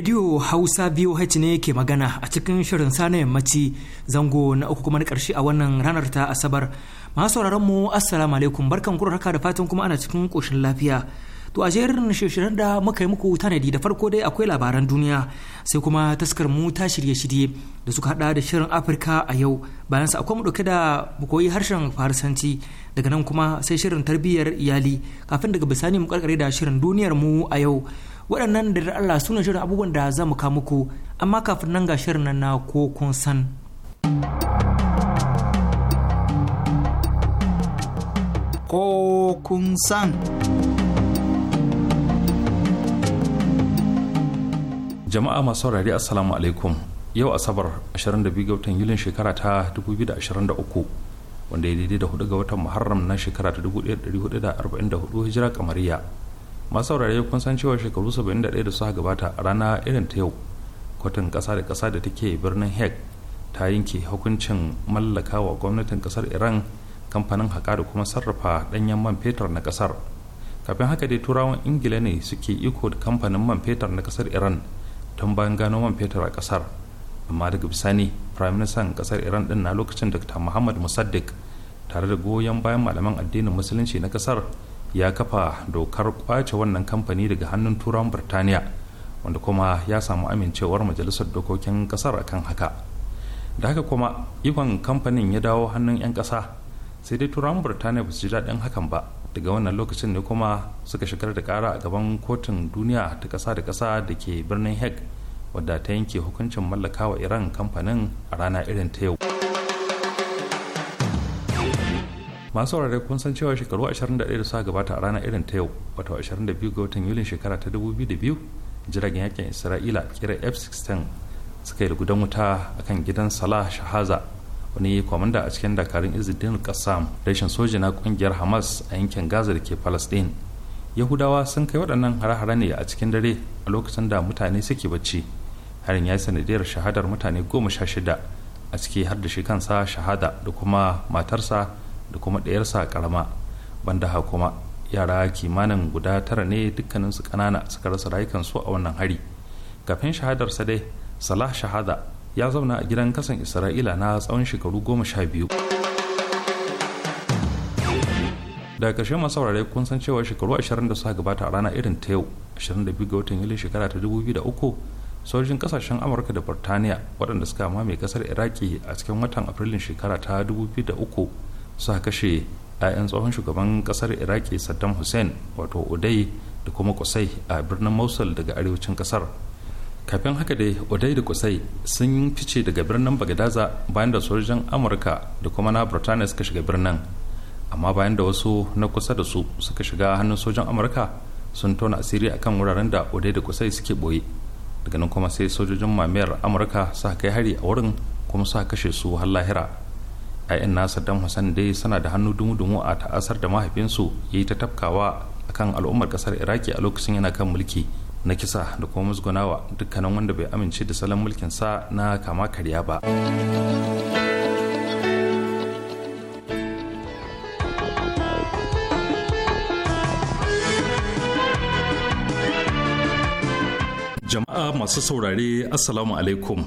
Radio Hausa biyu VOH ne ke magana a cikin shirin sa na yammaci zango na uku kuma na ƙarshe a wannan ranar ta Asabar. Masu sauraron mu Assalamu alaikum barkan ku haka da fatan kuma ana cikin ƙoshin lafiya. To a jerin shirin da muka yi muku tanadi da farko dai akwai labaran duniya sai kuma taskar mu ta shirye-shirye da suka hada da shirin Afirka a yau bayan sa akwai mu dauke da koyi harshen Farsanci daga nan kuma sai shirin tarbiyyar iyali kafin daga bisani mu karkare da shirin duniyar mu a yau. waɗannan da Allah su ne shirin abubuwan da za mu kawo muku amma kafin nan ga shirin nan na ko kun san. Ko kun san. Jama'a masu saurari Assalamu alaikum yau Asabar 22 ga watan Yulin shekara ta 2023. wanda ya daidai da hudu ga watan muharram na shekara ta 1444 hijira kamariya masu saurare kun san cewa shekaru 71 da suka gabata a rana irin ta yau kwatun kasa da kasa da take birnin hague ta yanke hukuncin mallaka wa gwamnatin kasar iran kamfanin haka da kuma sarrafa ɗanyen man fetur na kasar. kafin haka dai turawan ingila ne suke iko da kamfanin man fetur na kasar iran tun bayan gano man fetur a kasar amma daga bisani prime minister ƙasar iran ɗin na lokacin dr muhammad musaddiq tare da goyon bayan malaman addinin musulunci na kasar. ya kafa dokar kwace wannan kamfani daga hannun turawan birtaniya wanda kuma ya samu amincewar majalisar dokokin kasar akan haka da haka kuma ikon kamfanin ya dawo hannun 'yan kasa sai dai turawan birtaniya ba su ji daɗin hakan ba daga wannan lokacin ne kuma suka shigar da kara a gaban kotun duniya ta kasa da kasa da ke birnin hague wadda ta yanke hukuncin mallaka wa iran kamfanin a rana irin ta yau masu saurare kun san cewa shekaru 21 da suka gabata a ranar irin ta yau wato 22 ga watan yulin shekara ta 2002 jiragen yakin isra'ila kira f-16 suka yi gudan wuta a kan gidan salah shahaza wani kwamanda a cikin dakarun izidin kassam rashin soja na kungiyar hamas a yankin gaza da ke palestine yahudawa sun kai waɗannan hare-hare ne a cikin dare a lokacin da mutane suke bacci harin ya yi sanadiyar shahadar mutane goma sha shida a ciki har da shi kansa shahada da kuma matarsa da kuma ɗayar sa karama banda ha kuma yara kimanin guda tara ne dukkaninsu ƙanana suka rasa rayukan su a wannan hari kafin shahadar sa dai salah shahada ya zauna a gidan kasan isra'ila na tsawon shekaru goma sha biyu daga ƙarshe masu saurare kun san cewa shekaru 20 da suka gabata a rana irin ta yau 22 ga watan yuli shekara ta 2003 sojin kasashen amurka da burtaniya waɗanda suka mamaye kasar iraki a cikin watan afrilun shekara ta 2003 suka kashe 'ya'yan tsohon shugaban kasar iraki saddam hussein wato odai da kuma kusai a birnin mosul daga arewacin kasar kafin haka dai odai da kusai sun yi fice daga birnin bagadaza bayan da sojojin amurka da kuma na burtaniya suka shiga birnin amma bayan da wasu na kusa da su suka shiga hannun sojan amurka sun tona asiri akan wuraren da odai da kusai suke boye daga nan kuma sai sojojin mamayar amurka suka kai hari a wurin kuma suka kashe su har lahira 'ya'yan nasa dan hassan dai suna da hannu dumu-dumu a ta'asar da mahaifinsu ya yi ta tafkawa kan al'ummar kasar iraki a lokacin yana kan mulki na kisa da kuma musgunawa dukkanin wanda bai amince da salon mulkin sa na kama karya ba jama'a masu saurare assalamu alaikum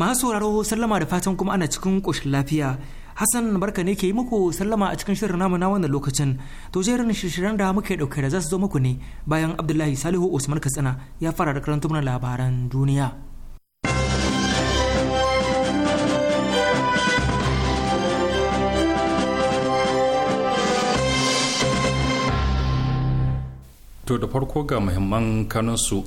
masu sauraro sallama da fatan kuma ana cikin ƙoshin lafiya Hassan barka ne ke yi muku sallama a cikin shirin namu na wannan lokacin. To jerin shirin da muke dauke da za su zo muku ne bayan Abdullahi Salihu Usman Katsina ya fara da karanta mana labaran duniya. To da farko ga muhimman kanunsu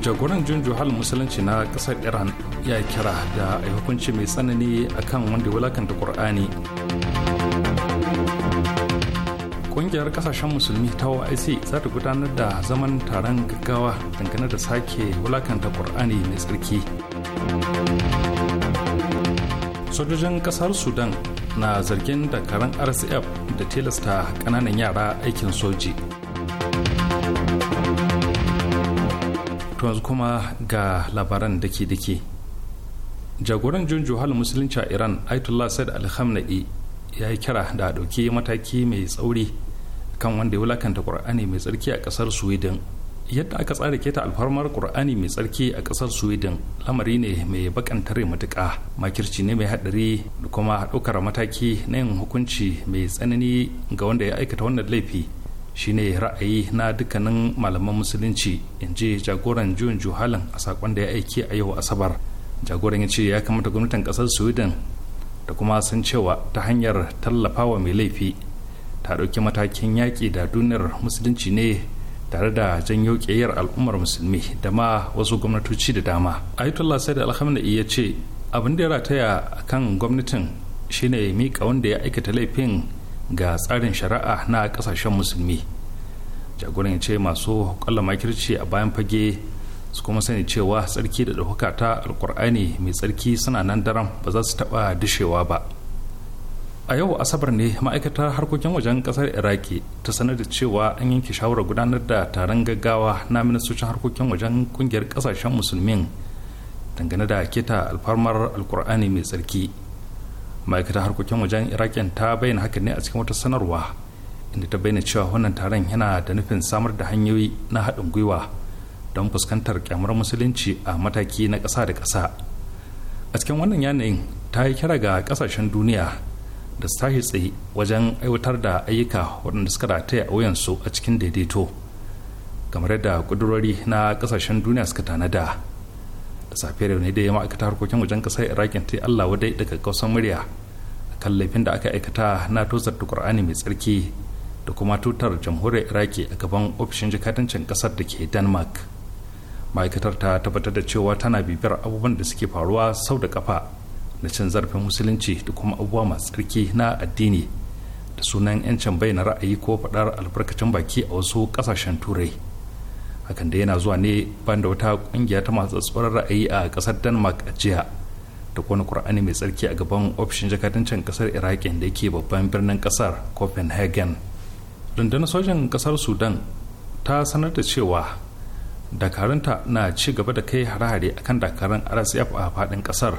jagoran junju halin musulunci na kasar iran ya kira da a hukunci mai tsanani akan wanda wulakanta kur'ani Ƙungiyar kasashen musulmi ta oic za ta gudanar da zaman taron gaggawa dangane da sake wulakanta kur'ani mai tsarki sojojin kasar sudan na zargin dakaran rcf da tilasta kananan yara aikin soji yanzu kuma ga labaran dake dake jagoran junju hal musulunci a iran aitullah said alhamna'i ya yi kira da a ɗauki mataki mai tsauri kan wanda ya wulakanta qur'ani mai tsarki a kasar sweden yadda aka tsara keta alfarmar qur'ani mai tsarki a kasar sweden lamari ne mai bakantare matuka makirci ne mai hadari da kuma ɗaukar mataki na yin hukunci mai tsanani ga wanda ya aikata wannan laifi shine ra'ayi na dukkanin malaman musulunci in ji jagoran juyin juhalin a sakon da ya aiki a yau asabar jagoran ya ce ya kamata gwamnatin kasar sweden da kuma sun cewa ta hanyar tallafawa mai laifi ta ɗauki matakin yaƙi da duniyar musulunci ne tare da janyo al'ummar musulmi da ma wasu gwamnatoci da dama ayatollah sai da alhamdu ya ce abin da ya rataya a kan gwamnatin shine mika wanda ya aikata laifin ga tsarin shari'a na kasashen musulmi jagoran ya ce masu kwallon makirci a bayan fage su kuma sani cewa tsarki da ɗaukaka ta alkur'ani mai tsarki suna nan daren ba za su taɓa dishewa ba a yau asabar ne ma'aikatar harkokin wajen ƙasar iraki ta sanar da cewa an yanke shawarar gudanar da taron gaggawa na ministocin harkokin wajen ƙungiyar ƙasashen musulmin dangane da keta alfarmar alkur'ani mai tsarki ma'aikatar harkokin wajen iraƙin ta bayyana hakan ne a cikin wata sanarwa inda ta bayyana cewa wannan taron yana da nufin samar da hanyoyi na haɗin gwiwa don fuskantar kyamar musulunci a mataki na ƙasa da ƙasa a cikin wannan yanayin ta yi kira ga ƙasashen duniya da su tashi tsaye wajen aiwatar da ayyuka waɗanda suka rataya a wuyansu a cikin daidaito kamar yadda ƙudurori na ƙasashen duniya suka tanada safiyar ne dai ma'aikata harkokin wajen kasar irakin ta allah wadai daga kausan murya kan laifin da aka aikata na tozar qur'ani mai tsarki da kuma tutar jamhuriyar iraki a gaban ofishin jikadancin kasar da ke denmark ma'aikatar ta tabbatar da cewa tana bibiyar abubuwan da suke faruwa sau da kafa na cin zarafin musulunci da kuma abubuwa masu tsarki na addini da sunan 'yancin bai na ra'ayi ko faɗar albarkacin baki a wasu ƙasashen turai hakan da yana zuwa ne ban da wata kungiya ta masu tsoron ra'ayi a kasar denmark a jiya da kwana kur'ani mai tsarki a gaban ofishin jakadancin kasar iraki da yake babban birnin kasar copenhagen rundunar sojan kasar sudan ta sanar da cewa dakarunta na ci gaba da kai hare-hare akan dakarun rsf a faɗin kasar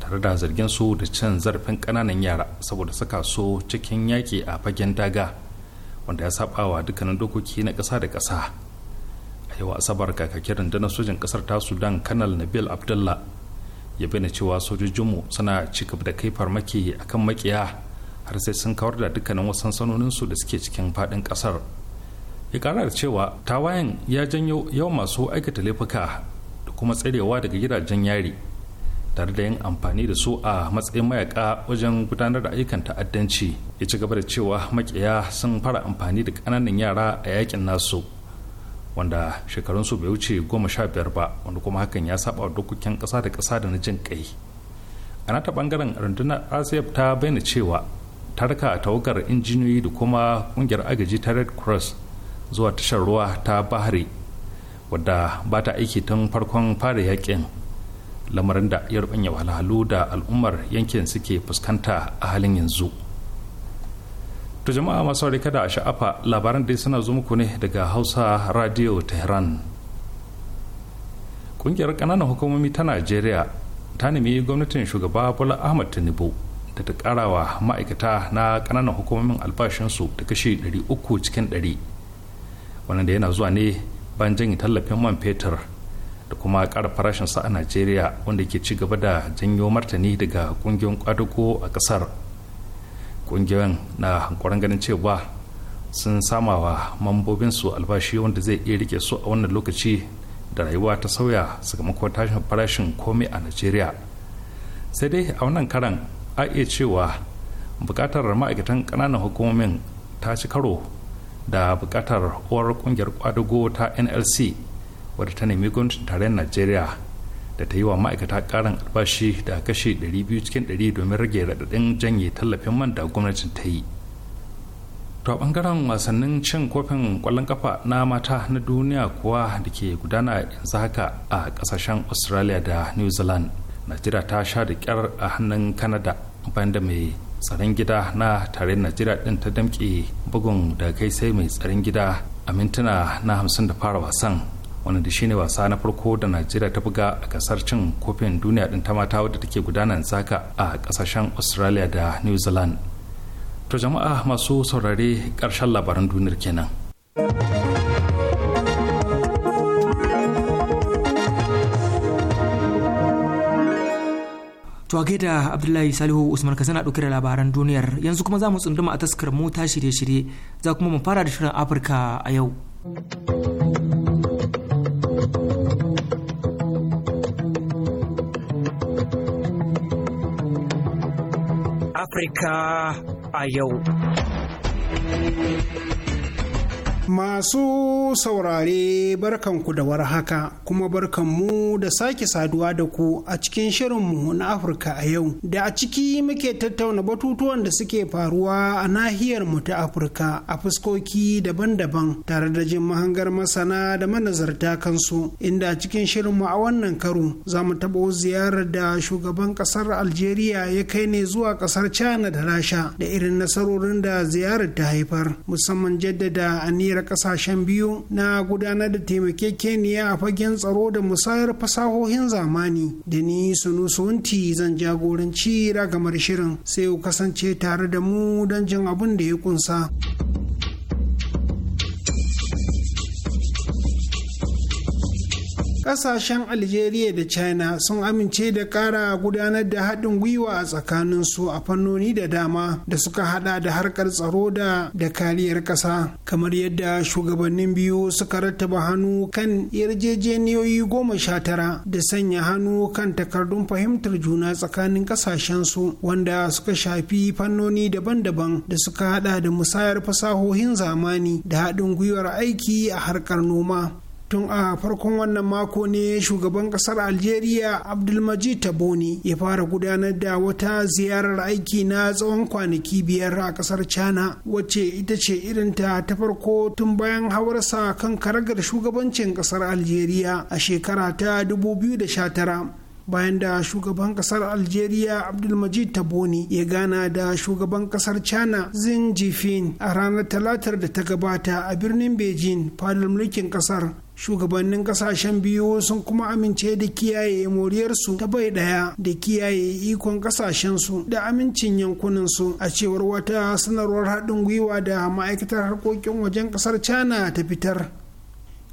tare da zargin su da cin zarafin ƙananan yara saboda saka su cikin yaki a fagen daga wanda ya saɓawa dukkanin dokoki na ƙasa da ƙasa a yau asabar kakakin rundunar sojin kasar ta sudan kanal nabil abdullah ya bayyana cewa sojojinmu suna ci da kai farmaki akan makiya har sai sun kawar da dukkanin wasu su da suke cikin faɗin ƙasar ya ƙara da cewa tawayen ya janyo yawan masu aikata laifuka da kuma tserewa daga gidajen yari tare da yin amfani da su a matsayin mayaka wajen gudanar da ayyukan ta'addanci ya ci gaba da cewa makiya sun fara amfani da ƙananan yara a yakin nasu wanda shekarunsu bai wuce goma sha biyar ba wanda kuma hakan ya saba dokokin ƙasa da ƙasa da na jin ƙai a nata ɓangaren rundunar asiyaf ta bayyana cewa ta raka a tawagar injiniyoyi da kuma ƙungiyar agaji ta red cross zuwa tashar ruwa ta bahari wadda ba ta aiki tun farkon fara yakin lamarin da ya wahalhalu da al'ummar yankin suke fuskanta a halin yanzu. To jama'a masu rika da sha'afa labaran dai suna zo muku ne daga Hausa Radio Tehran. Kungiyar ƙananan hukumomi ta Najeriya ta nemi gwamnatin shugaba Bola Ahmad Tinubu da ta karawa ma'aikata na ƙananan hukumomin albashinsu da kashi 300 cikin ɗari. Wannan da yana zuwa ne ban janye tallafin man fetur da kuma ƙara farashinsa a Najeriya wanda ke ci gaba da janyo martani daga ƙungiyoyin ƙwadago a ƙasar. kungiyoyin na hankoran ganin cewa sun sama samawa mambobinsu albashi wanda zai iya rike su a wannan lokaci da rayuwa ta sauya sakamakon tashin farashin komai a nigeria. sai dai a wannan karan a iya cewa bukatar ma'aikatan kananan hukumomin ta ci karo da bukatar uwar kungiyar kwadago ta nlc wadda ta nemi gwamnatin tarayyar najeriya da ta yi wa ma'aikata karin albashi da kashe 200 cikin 100 domin rage raɗaɗin janye tallafin man da gwamnatin ta yi to bangaren wasannin cin kofin kwallon kafa na mata na duniya kuwa da ke gudana yanzu haka a kasashen australia da new zealand najeriya ta sha da kyar a hannun canada bayan da mai tsaron gida na tare najeriya din ta damke bugun da kai sai mai tsaron gida a mintuna na hamsin da fara wasan wanda shine wasa na farko da najeriya ta buga a kasar cin kofin duniya din ta mata wadda take gudana zaka a kasashen australia da new zealand to jama'a masu saurare karshen labaran duniyar kenan To a gaida Abdullahi Salihu Usman ka sana dauke da labaran duniyar yanzu kuma za mu tsunduma a taskar mu ta shirye-shirye za kuma mu fara da shirin Afirka a yau. Africa, a Masu saurare barkanku da warhaka kuma barkanmu da sake saduwa da ku a cikin shirinmu na Afirka a yau da a ciki muke tattauna batutuwan da suke faruwa a nahiyar mu ta Afirka a fuskoki daban-daban tare da jin mahangar masana da manazarta kansu inda a cikin shirinmu a wannan karo za mu taɓo ziyarar da shugaban ƙasar Algeria ya kai ne zuwa ƙasar China da Rasha da irin nasarorin da ziyarar ta haifar musamman jaddada aniyar matsayar kasashen biyu na gudanar da taimakekeniya a fagen tsaro da musayar fasahohin zamani da ni sunti zan jagoranci ragamar shirin sai ku kasance tare da mu don jin abin da ya kunsa. kasashen algeria da china sun amince da kara gudanar da haɗin gwiwa a tsakanin su a fannoni da dama da suka hada da harkar tsaro da da kariyar ƙasa kamar yadda shugabannin biyu suka rattaba hannu kan yarjejeniyoyi goma sha tara da sanya hannu kan takardun fahimtar juna tsakanin su wanda suka shafi fannoni daban-daban da suka hada da musayar fasahohin zamani da haɗin gwiwar aiki a harkar noma tun a farkon wannan mako ne shugaban kasar algeria abdulmajid taboni ya fara gudanar da wata ziyarar aiki na tsawon kwanaki biyar a kasar china wacce ita ce irinta ta farko tun bayan hawarsa kan karagar shugabancin kasar algeria a shekara ta 2019 bayan da shugaban kasar algeria abdulmajid taboni ya gana da shugaban kasar china xin jifin a ranar talatar da ta gabata a birnin beijing fadar mulkin kasar shugabannin kasashen biyu sun kuma amince da kiyaye moriyarsu ta bai daya da kiyaye ikon kasashensu da amincin yankuninsu a cewar wata sanarwar haɗin gwiwa da ma'aikatar harkokin wajen ƙasar china ta fitar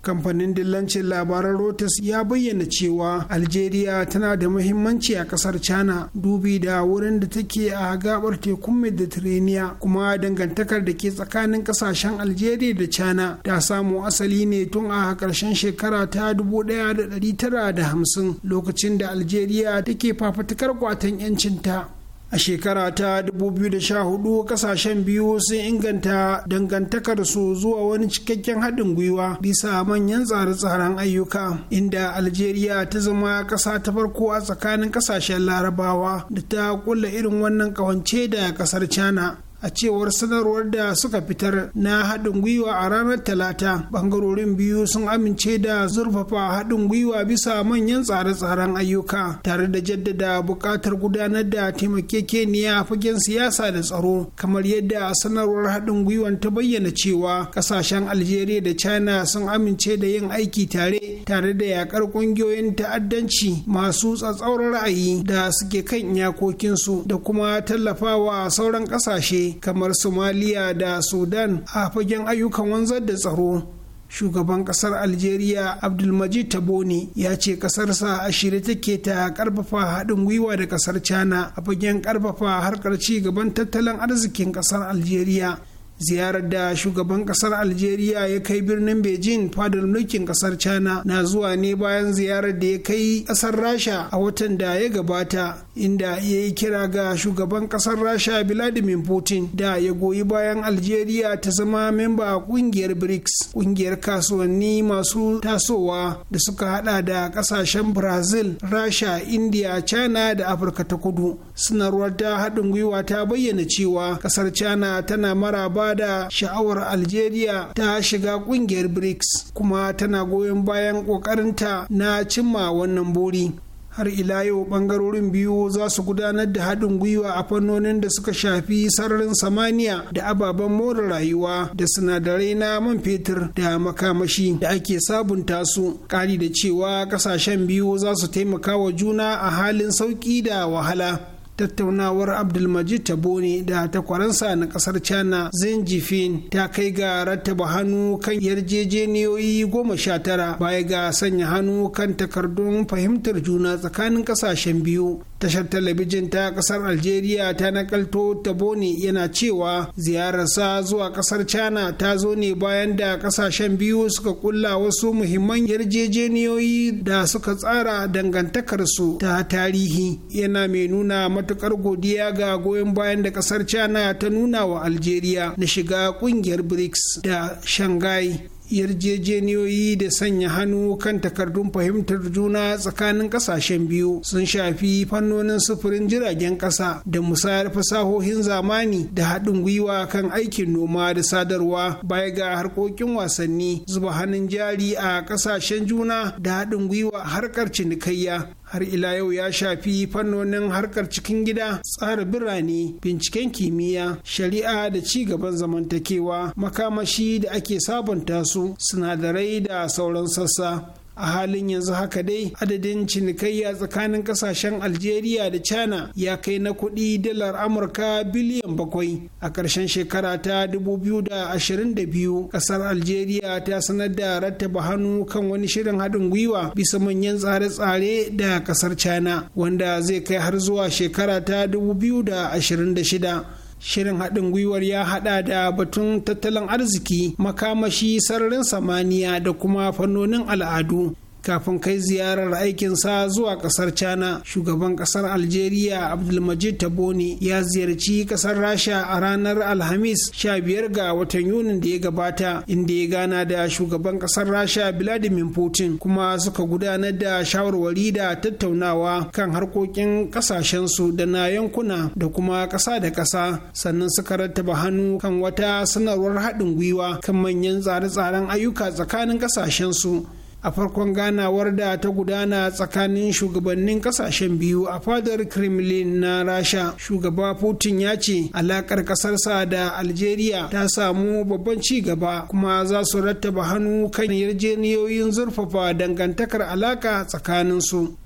kamfanin dillancin labaran Reuters ya bayyana cewa Algeria tana da muhimmanci a kasar China dubi da wurin da take a gabar tekun Mediterranean kuma dangantakar da ke tsakanin kasashen Algeria da China ta samu asali ne tun a karshen shekara ta 1950 lokacin da Algeria take fafutukar kwatan 'yancinta A shekara ta 2014 kasashen biyu sun inganta dangantakarsu zuwa wani cikakken haɗin gwiwa bisa manyan tsare-tsaren ayyuka inda Algeria ta zama ƙasa ta farko a tsakanin kasashen larabawa da ta kulla irin wannan ƙawance da ƙasar China. a cewar sanarwar da suka fitar na haɗin gwiwa a ranar talata bangarorin biyu sun amince da zurfafa haɗin gwiwa bisa manyan tsare-tsaren ayyuka tare da jaddada buƙatar gudanar da taimakekeniya fagen siyasa da tsaro kamar yadda sanarwar haɗin gwiwan ta bayyana cewa ƙasashen algeria da china sun amince da yin aiki tare tare da yakar ƙungiyoyin ta'addanci masu tsatsauran ra'ayi da suke kan iyakokinsu da kuma tallafawa sauran ƙasashe kamar somaliya da sudan a fagen ayyukan wanzar da tsaro shugaban kasar algeria abdulmajid taboni ya ce kasarsa a shirye take ta karfafa haɗin gwiwa da kasar china a fagen karfafa harkar ci gaban tattalin arzikin kasar algeria ziyarar da shugaban kasar algeria ya kai birnin beijing fadar mulkin kasar china na zuwa ne bayan ziyarar da ya kai kasar rasha a watan da ya gabata inda ya yi kira ga shugaban kasar rasha vladimir putin da ya goyi bayan algeria ta zama memba kungiyar brics kungiyar kasuwanni masu tasowa da suka hada da kasashen brazil rasha india china da afirka ta kudu sanarwar ta haɗin gwiwa ta bayyana cewa kasar china tana mara ba da sha'awar algeria ta shiga kungiyar brics kuma tana goyon bayan ƙoƙarinta na cimma wannan buri har ila yau bangarorin biyu za su gudanar da haɗin gwiwa a fannonin da suka shafi sararin samaniya da ababen more rayuwa da sinadarai na man fetur da makamashi da ake sabunta su ƙari da cewa ƙasashen biyu za su taimaka wa juna a halin sauƙi da wahala tattaunawar abdulmajid tabone da takwaransa na kasar china zin jifin ta kai ga rattaba hannu kan yarjejeniyoyi goma sha tara baya ga sanya hannu kan takardun fahimtar juna tsakanin kasashen biyu tashar talabijin ta kasar algeria ta nakalto boni yana cewa ziyararsa zuwa kasar china ta zo ne bayan da kasashen biyu suka kulla wasu muhimman yarjejeniyoyi da suka tsara dangantakarsu ta tarihi yana mai nuna matukar godiya ga goyon bayan da kasar china ta nuna wa algeria na shiga kungiyar brics da shanghai yarjejeniyoyi da sanya hannu kan takardun fahimtar juna tsakanin kasashen biyu sun shafi fannonin sufurin jiragen kasa da musayar fasahohin zamani da haɗin gwiwa kan aikin noma da sadarwa baya ga harkokin wasanni zuba hannun jari a kasashen juna da haɗin gwiwa harkar cinikayya har ila yau ya shafi fannonin harkar cikin gida tsara birane binciken kimiyya shari'a da ci gaban zamantakewa makamashi da ake sabunta su sinadarai da sauran sassa a halin yanzu haka dai adadin cinikayya tsakanin kasashen algeria da china ya kai na kuɗi dalar amurka biliyan bakwai a ƙarshen shekara ta 2022 ƙasar algeria ta sanar da rattaba hannu kan wani shirin haɗin gwiwa bisa manyan tsare-tsare da ƙasar china wanda zai kai har zuwa shekara ta 2026 shirin haɗin gwiwar ya haɗa da batun tattalin arziki makamashi sararin samaniya da kuma fannonin al'adu kafin kai ziyarar aikinsa zuwa kasar china shugaban kasar algeria abdulmajid taboni ya ziyarci kasar rasha a ranar alhamis 15 ga watan yunin da ya gabata inda ya gana da shugaban kasar rasha vladimir putin kuma suka gudanar da shawarwari da tattaunawa kan harkokin kasashensu da na yankuna da kuma kasa da kasa sannan suka rattaba hannu kan wata sanarwar haɗin gwiwa kan manyan tsare-tsaren ayyuka tsakanin kasashensu a farkon ganawar da ta gudana tsakanin shugabannin kasashen biyu a fadar kremlin na rasha shugaba putin ya ce alakar kasarsa da algeria ta samu babban ci gaba kuma za su rattaba hannu kan yarjejeniyoyin zurfafa dangantakar alaka tsakaninsu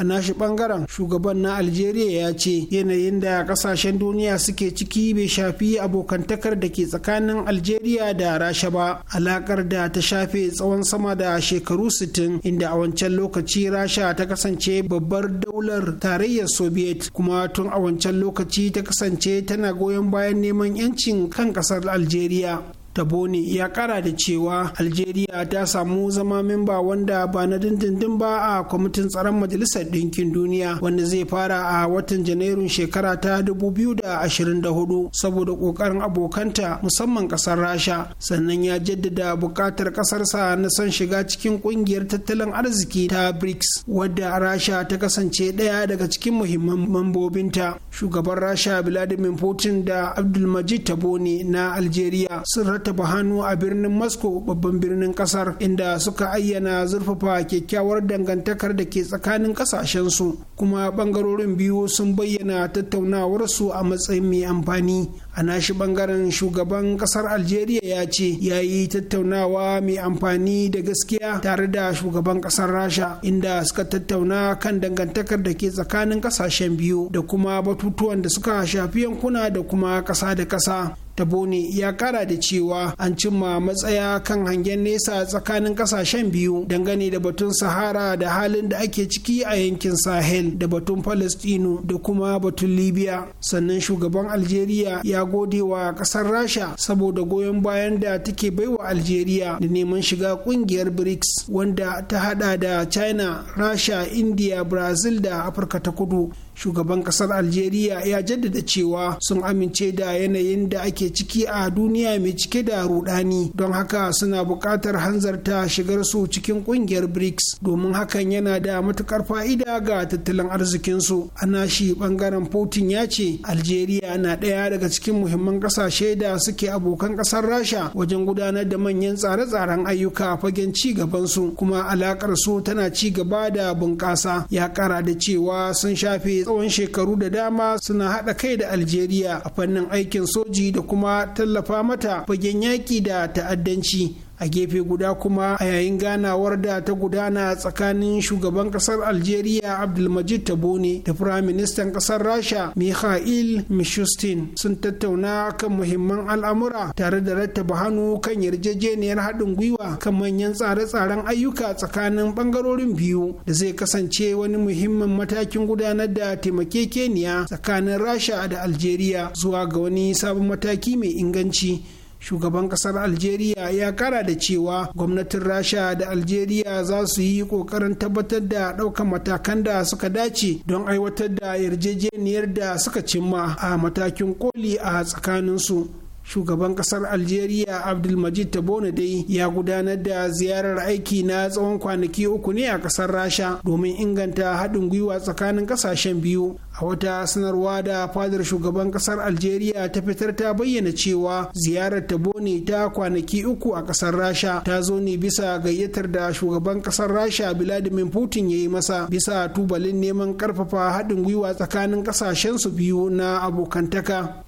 a nashi bangaren shugaban na algeria ya ce yanayin da kasashen duniya suke ciki bai shafi abokantakar da ke tsakanin algeria da rasha ba alakar da ta shafe tsawon sama da shekaru 60 inda a wancan lokaci rasha ta kasance babbar daular tarayyar soviet kuma tun a wancan lokaci ta kasance tana goyon bayan neman 'yancin kan kasar algeria tabone ya kara da cewa algeria ta samu zama memba wanda ba na dindindin ba a kwamitin tsaron majalisar ɗinkin duniya wanda zai fara a watan janairun shekara ta 2024 saboda ƙoƙarin abokanta musamman ƙasar rasha sannan ya jaddada bukatar ƙasarsa na son shiga cikin ƙungiyar tattalin arziki ta brics wadda rasha ta kasance ɗaya daga cikin muhimman mambobinta shugaban rasha vladimir putin da abdulmajid tabone na algeria sun rattaba hannu a birnin moscow babban birnin kasar inda suka ayyana zurfafa kyakkyawar dangantakar da ke tsakanin kasashensu kuma bangarorin biyu sun bayyana tattaunawarsu a matsayin mai amfani a nashi bangaren shugaban kasar algeria ya ce ya yi tattaunawa mai amfani da gaskiya tare da shugaban kasar rasha inda suka tattauna kan dangantakar da ke tsakanin kasashen biyu da kuma batutuwan da suka shafi yankuna da kuma kasa da kasa tabone ya kara da cewa an cimma matsaya kan hangen nesa tsakanin kasashen biyu dangane da batun sahara da halin da ake ciki a yankin sahel da batun palestino da kuma batun libya sannan shugaban algeria ya gode wa kasar rasha saboda goyon bayan da take baiwa algeria da neman shiga kungiyar brics wanda ta hada da china rasha india brazil da afirka ta kudu shugaban kasar algeria ya jaddada cewa sun amince da yanayin da ake ciki a duniya mai cike da rudani don haka suna buƙatar hanzarta shigar su cikin ƙungiyar brics domin hakan yana da matukar fa'ida ga tattalin arzikinsu a nashi ɓangaren putin ya ce algeria na ɗaya daga cikin muhimman ƙasashe da suke abokan ƙasar rasha wajen gudanar da manyan tsare-tsaren ayyuka fagen ci gaban su kuma alaƙar su tana ci gaba da bunƙasa ya kara da cewa sun shafe tsawon shekaru da dama suna haɗa kai da algeria a fannin aikin soji da kuma tallafa mata fagen yaƙi da ta'addanci a gefe guda kuma a yayin ganawar da ta gudana tsakanin shugaban kasar algeria abdulmajid tabone da firaministan kasar rasha mikhail mishustin sun tattauna kan muhimman al'amura tare da rattaba hannu kan yarjejeniyar haɗin gwiwa kan manyan tsare-tsaren ayyuka tsakanin bangarorin biyu da zai kasance wani muhimmin matakin gudanar da taimakekeniya tsakanin rasha da algeria zuwa ga wani sabon mataki mai inganci shugaban kasar algeria ya kara da cewa gwamnatin rasha da algeria za su yi kokarin tabbatar da ɗaukan matakan da suka dace don aiwatar da yarjejeniyar da suka cimma a matakin koli a tsakaninsu shugaban kasar algeria abdulmajid tabone dai ya gudanar da ziyarar aiki na tsawon kwanaki uku ne a kasar rasha domin inganta haɗin gwiwa tsakanin ƙasashen biyu a wata sanarwa da fadar shugaban kasar algeria ta fitar ta bayyana cewa ziyarar tabone ta kwanaki uku a kasar rasha ta zo ne bisa gayyatar da shugaban kasar rasha vladimir putin ya yi masa bisa tubalin neman ƙarfafa haɗin gwiwa tsakanin ƙasashen su biyu na abokantaka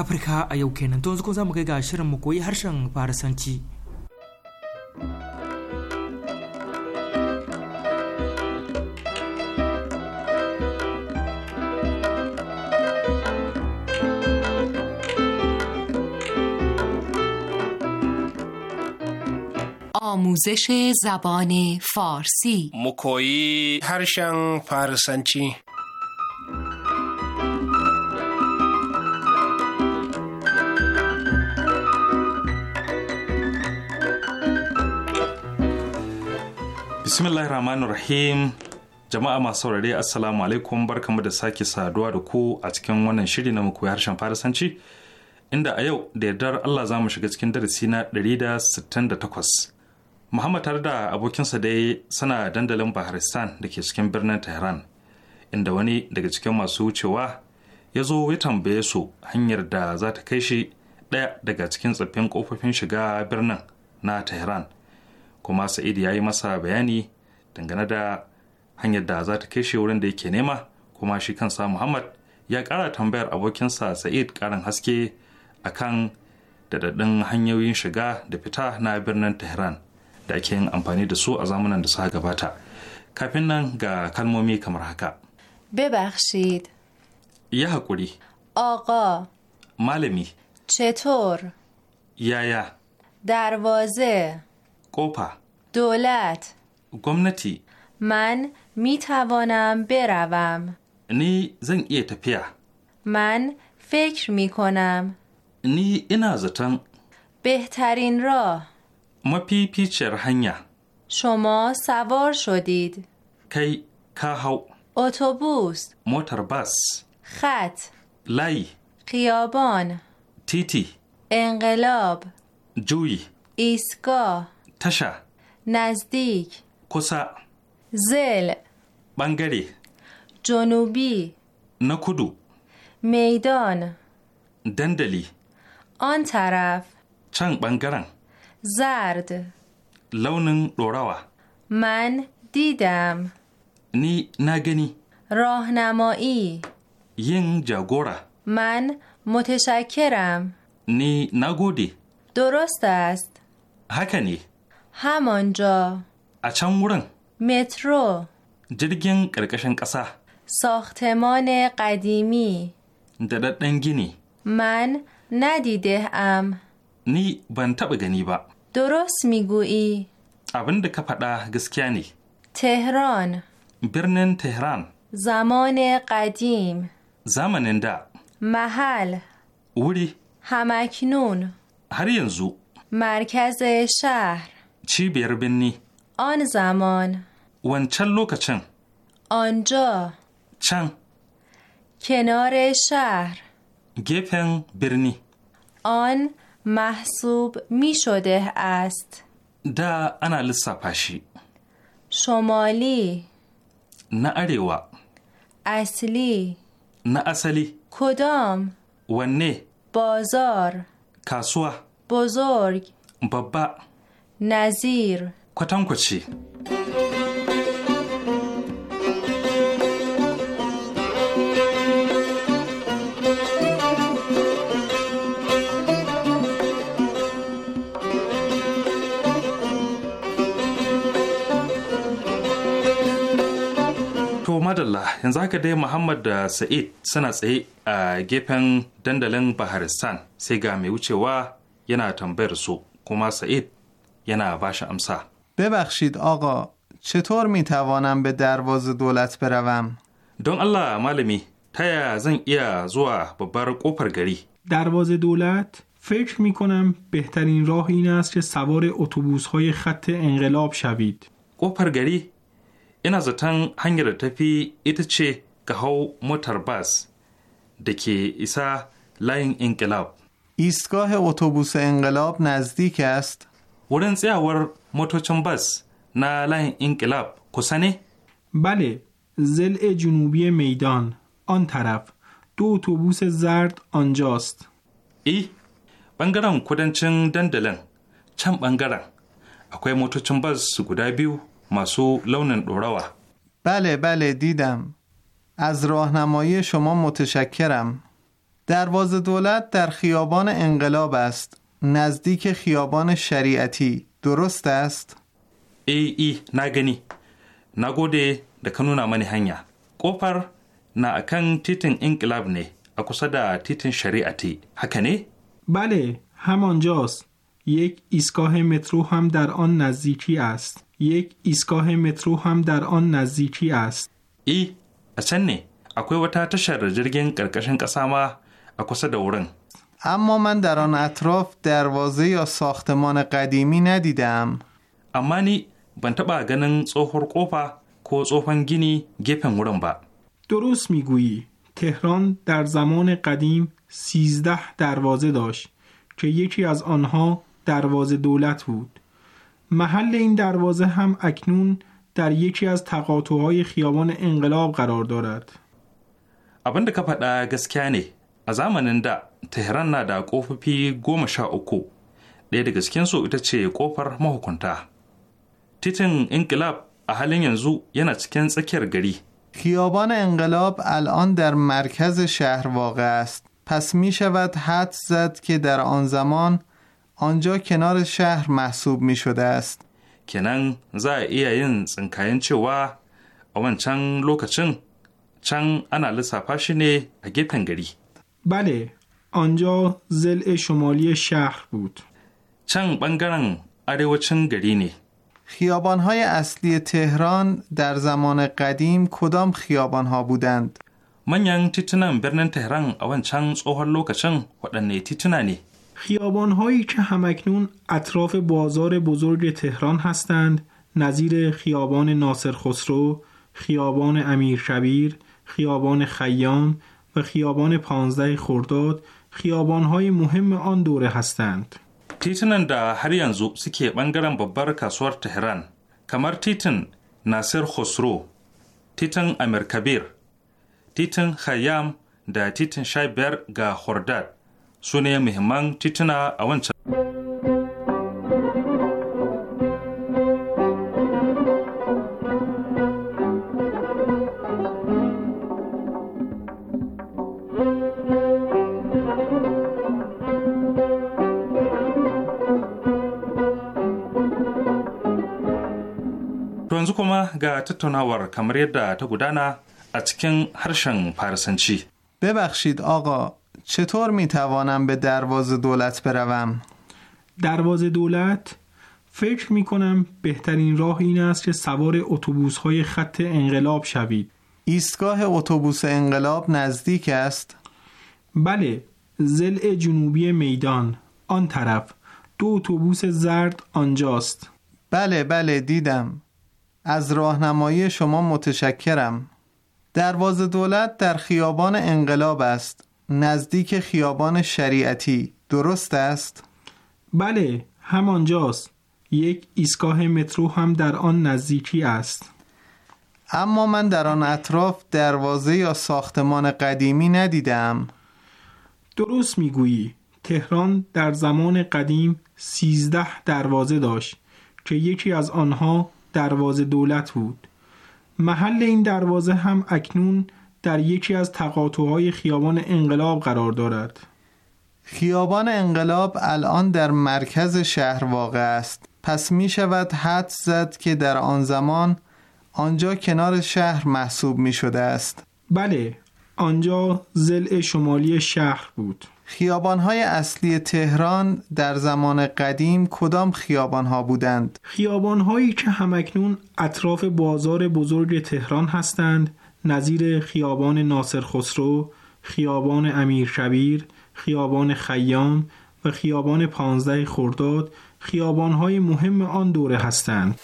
Afirka a yau kenan to yanzu ko za kai ga shirin mu koyi harshen Farisanci. آموزش زبان فارسی مکویی هرشن فارسنچی bismillahir rahim jama'a masu saurare assalamu alaikum barkamu da sake saduwa da ku a cikin wannan shiri na muku harshen farisanci inda a yau da yardar allah za mu shiga cikin darasi na 168 muhammad tare da abokinsa dai suna dandalin baharistan da ke cikin birnin tehran inda wani daga cikin masu wucewa ya zo ya tambaye su hanyar da za ta kai shi ɗaya daga cikin tsaffin ƙofofin shiga birnin na tehran kuma sa'id ya yi masa bayani dangane da hanyar da za ta kai shi wurin da yake nema kuma shi kansa muhammad ya kara tambayar abokinsa sa'id ƙarin haske a kan daɗaɗɗin hanyoyin shiga da fita na birnin tehran da ake yin amfani da su a zamanin da suka gabata kafin nan ga kalmomi kamar haka ببخشید یه حقوری آقا چطور دروازه قوپا دولت گمنتی من می توانم بروم نی زن ایه تپیا من فکر می کنم نی اینا زتن بهترین راه ما پی پیچر هنیا شما سوار شدید کی کاهو اتوبوس موتر بس خط لای خیابان تیتی انقلاب جوی ایستگاه تشه نزدیک کسا زل بنگری جنوبی نکدو میدان دندلی آن طرف چنگ بنگرن زرد لونن دوراوا من دیدم نی نگنی راهنمایی ین جاگورا من متشکرم نی نگودی درست است هکنی همانجا اچم مترو جرگین قرقشن قصه ساختمان قدیمی دردنگینی من ندیده ام نی بانتا بگنی با درست میگویی ابند کپتا گسکیانی تهران برنن تهران زمان قدیم زمان دا محل وری همکنون هرینزو مرکز شهر cibiyar birni. On zaman. Wancan lokacin. Onjo. Can. Kenore shahr. Gefen birni. On mahsub mi shode ast. Da ana lissafa shi. Shomali. Na arewa. Asli. Na asali. Kodam. Wanne. Bozor. Kasuwa. Bozorg. Babba. Nazir kwatankwaci. madalla yanzu haka dai muhammad da sa'id suna tsaye a gefen dandalin baharistan sai ga mai wucewa yana tambayar su kuma sa'id یه وش امسا ببخشید آقا چطور می توانم به درواز دولت بروم؟ دون الله معلمی تایا زن ایا زوا ببر قفر گری دروازه دولت فکر می کنم بهترین راه این است که سوار اتوبوس های خط انقلاب شوید قفر گری این از hanyar هنگر تپی ایت چه که هاو موتر da دکی انقلاب ایستگاه اتوبوس انقلاب نزدیک است؟ ورن tsayawar motocin bas na layin inkilab بله زل جنوبی میدان آن طرف دو اتوبوس زرد آنجاست ای بنگران کدنچن دندلن چند بنگران اکوی موتوچن باز گودا بیو ماسو لونن دوراوا بله بله دیدم از راهنمایی شما متشکرم دروازه دولت در خیابان انقلاب است نزدیک خیابان شریعتی درست است؟ ای ای نگنی نگوده دکنونا منی هنیا قفر na akan titin Inqilab ne a kusa da titin Shari'ati, haka ne? Bale, همانجاست. یک ایستگاه مترو هم در آن نزدیکی است. یک ایستگاه مترو هم در آن نزدیکی است. ای، اچن نه. akwai wata tashar jirgin ƙarƙashin ƙasa ma a kusa da wurin. اما من در آن اطراف دروازه یا ساختمان قدیمی ندیدم اما نی بنت با گنن صحر کو درست میگویی تهران در زمان قدیم 13 دروازه داشت که یکی از آنها دروازه دولت بود محل این دروازه هم اکنون در یکی از تقاطوهای خیابان انقلاب قرار دارد abin da a zamanin da tehran na da ƙofofi goma sha uku ɗaya daga cikinsu ita ce kofar mahukunta titin inkilab a halin yanzu yana cikin tsakiyar gari خیابان انقلاب الان در مرکز شهر واقع است پس می شود حد زد که در آن زمان آنجا کنار شهر محسوب می شده za a iya yin تسنکاین cewa a wancan lokacin can ana lissafa shi ne a gefen gari. بله آنجا زل شمالی شهر بود چند بنگرن اریوچن خیابان خیابانهای اصلی تهران در زمان قدیم کدام ها بودند؟ manyan titunan تهران. تهران a لو tsohon lokacin waɗanne tituna خیابان خیابانهایی که همکنون اطراف بازار بزرگ تهران هستند نظیر خیابان ناصر خسرو، خیابان امیر شبیر، خیابان خیام و خیابان 15 خرداد خیابان های مهم آن دوره هستند. تیتن در هر یانزو سکی بنگرم ببر کسوار تهران کمر تیتن ناصر خسرو تیتن امر کبیر تیتن خیام دا تیتن شایبر گا خرداد سونه مهمان تیتن آونچه kuma ga tattaunawar kamar yadda ta gudana a cikin harshen Farisanci. ببخشید آقا چطور می توانم به دروازه دولت بروم؟ دروازه دولت فکر می کنم بهترین راه این است که سوار اتوبوس های خط انقلاب شوید. ایستگاه اتوبوس انقلاب نزدیک است؟ بله، زل جنوبی میدان آن طرف دو اتوبوس زرد آنجاست. بله بله دیدم. از راهنمایی شما متشکرم دروازه دولت در خیابان انقلاب است نزدیک خیابان شریعتی درست است؟ بله همانجاست یک ایستگاه مترو هم در آن نزدیکی است اما من در آن اطراف دروازه یا ساختمان قدیمی ندیدم درست میگویی تهران در زمان قدیم سیزده دروازه داشت که یکی از آنها دروازه دولت بود محل این دروازه هم اکنون در یکی از تقاطعهای خیابان انقلاب قرار دارد خیابان انقلاب الان در مرکز شهر واقع است پس می شود حد زد که در آن زمان آنجا کنار شهر محسوب می شده است بله آنجا زل شمالی شهر بود خیابانهای اصلی تهران در زمان قدیم کدام خیابانها بودند؟ خیابانهایی که همکنون اطراف بازار بزرگ تهران هستند نظیر خیابان ناصر خسرو، خیابان امیر شبیر، خیابان خیام و خیابان پانزده خرداد خیابانهای مهم آن دوره هستند.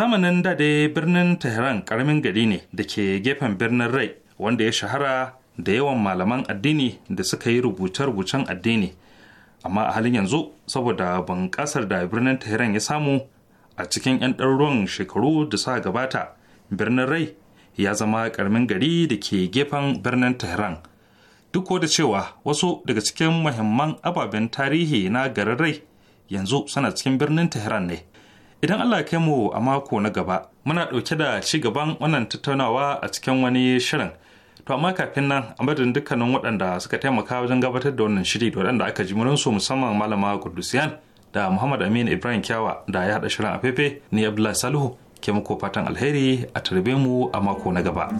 zamanin da dai birnin Tehran karamin gari ne da ke gefen birnin Rai wanda ya shahara da yawan malaman addini da suka yi rubuce-rubucen addini. Amma a halin yanzu saboda bunƙasar da birnin Tehran ya samu a cikin 'yan ɗaruruwan shekaru da sa gabata birnin Rai ya zama karamin gari da ke gefen birnin Tehran. Duk da cewa wasu daga cikin muhimman ababen tarihi na garin Rai yanzu suna cikin birnin Tehran ne. Idan Allah kai mu a mako na gaba, muna ɗauke da ci gaban wannan tattaunawa a cikin wani shirin. To amma kafin nan a madadin dukkanin waɗanda suka taimaka wajen gabatar da wannan shiri da waɗanda aka ji murinsu musamman malama Kudusiyan da Muhammad aminu Ibrahim Kyawa da ya haɗa shirin a fefe ni Abdullahi Salihu ke muku fatan alheri a tarbe mu a mako na gaba.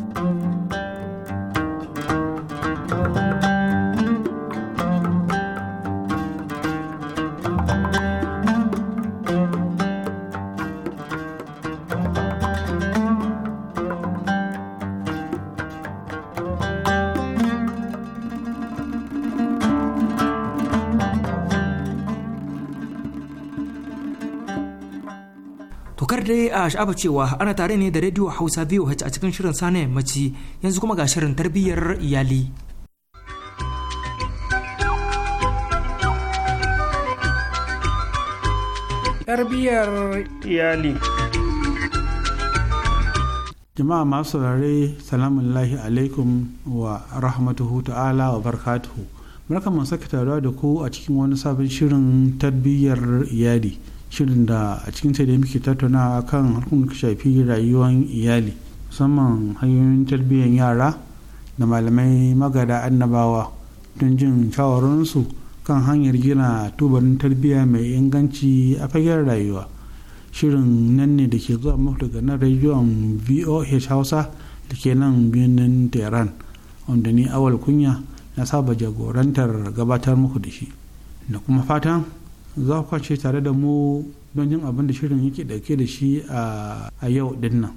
a sha'afa cewa ana tare ne da rediyo hausa biyu a cikin shirin Sane mace yanzu kuma ga shirin tarbiyyar iyali tarbiyyar iyali jama'a masu saurare salamun lahi alaikum wa rahmatuhu ta'ala wa barkatuhu barkan mu sake taruwa da ku a cikin wani sabon shirin tarbiyyar iyali shirin da a cikin sai da muke tattauna kan harkokin da shafi rayuwar iyali musamman hanyoyin tarbiyyar yara da malamai magada annabawa don jin shawararsu kan hanyar gina tubarin tarbiyya mai inganci a fagen rayuwa shirin nan ne da ke zuwa muku daga nan rayuwar voh hausa da ke nan birnin tehran wanda ni awal kunya na saba jagorantar gabatar muku da shi da kuma fatan za ku kwace tare da mu don yin abin da shirin yake dauke da shi a yau din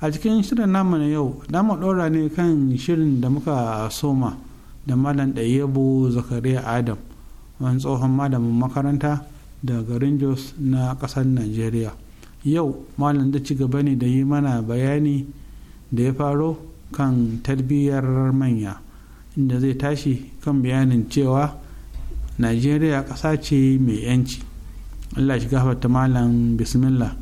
a cikin shirin namu na yau dama ɗora ne kan shirin da muka soma da malam ɗayyabo zakariya adam wani tsohon malamin makaranta da garin jos na ƙasar najeriya yau malam da ci gaba ne da yi mana bayani da ya faro kan tarbiyyar manya inda zai tashi kan bayanin cewa najeriya ƙasa ce mai yanci allah shi gafarta malam bismillah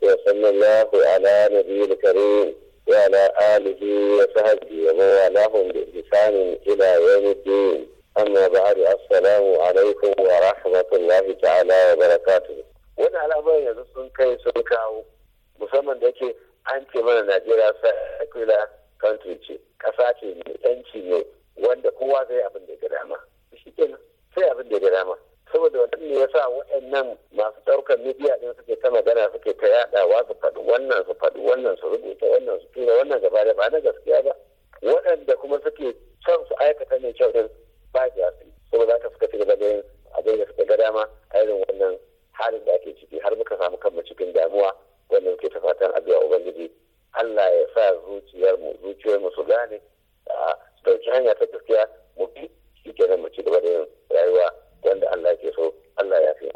وصلى الله على نبي الكريم وعلى آله وصحبه ومن والاهم بإحسان إلى يوم الدين أما بعد السلام عليكم ورحمة الله تعالى وبركاته wani على yanzu sun kai sun kawo musamman da yake an ce mana najeriya secular country ce ƙasa mai yanci ne wanda kowa zai abin abin da ya dama saboda ne yasa waɗannan masu ɗaukar midiya ɗin suke ta magana suke ta yadawa su faɗi wannan su faɗi wannan su rubuta wannan su tura wannan gaba ba na gaskiya ba waɗanda kuma suke son su aikata ne kyau din ba da yatsi saboda haka suka ci gaba da yin abin da suka ga dama a irin wannan halin da ake ciki har muka samu kanmu cikin damuwa wannan ke ta fatan addu'a ubangiji Allah ya sa zuciyarmu mu zuciyar mu su gane a dauki hanya ta gaskiya mu bi shi kenan mu ci gaba da yin rayuwa wanda Allah ke so Allah ya fi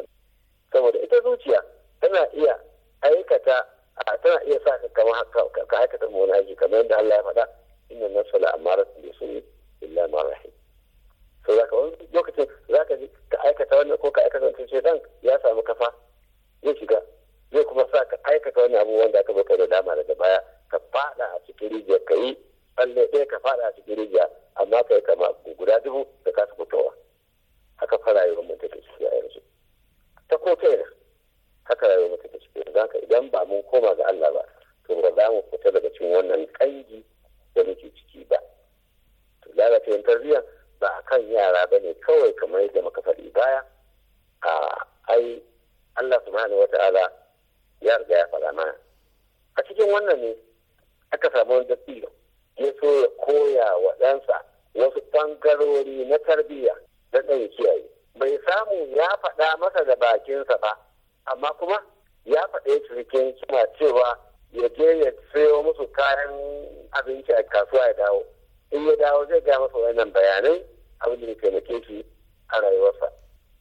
saboda ita zuciya tana iya aikata tana iya sa ka kama ka aikata mu wani aiki kamar yadda Allah ya faɗa inna nafsala amarat bi su'i illa ma rahim sau zaka wani lokacin zaka ji ka aikata wannan ko ka aikata wani wancan shaidan ya samu kafa ya shiga zai kuma sa ka aikata wani abubuwan da aka baka da dama daga baya ka fada a cikin rijiya ka yi tsalle ɗaya ka fada a cikin rijiya amma ka yi kama guda dubu da kasa fitowa haka fara yi mun take ciki a yanzu ta ko kaina haka rayuwar mun take ciki yanzu haka idan ba mun koma ga Allah ba to ba za mu fita daga cikin wannan kangi da muke ciki ba to lalacewar tarbiyya ba a kan yara ba ne kawai kamar yadda muka faɗi baya a ai Allah subhanahu wa ta'ala ya riga ya faɗa mana a cikin wannan ne aka samu wani dattijo ya so ya koya wa ɗansa wasu ɓangarori na tarbiyya da ɗan kiyaye bai samu ya faɗa masa da bakinsa ba amma kuma ya faɗa ya cikin suna cewa ya je ya sayo musu kayan abinci a kasuwa ya dawo in ya dawo zai ga masa wannan bayanai abin da taimake shi a rayuwarsa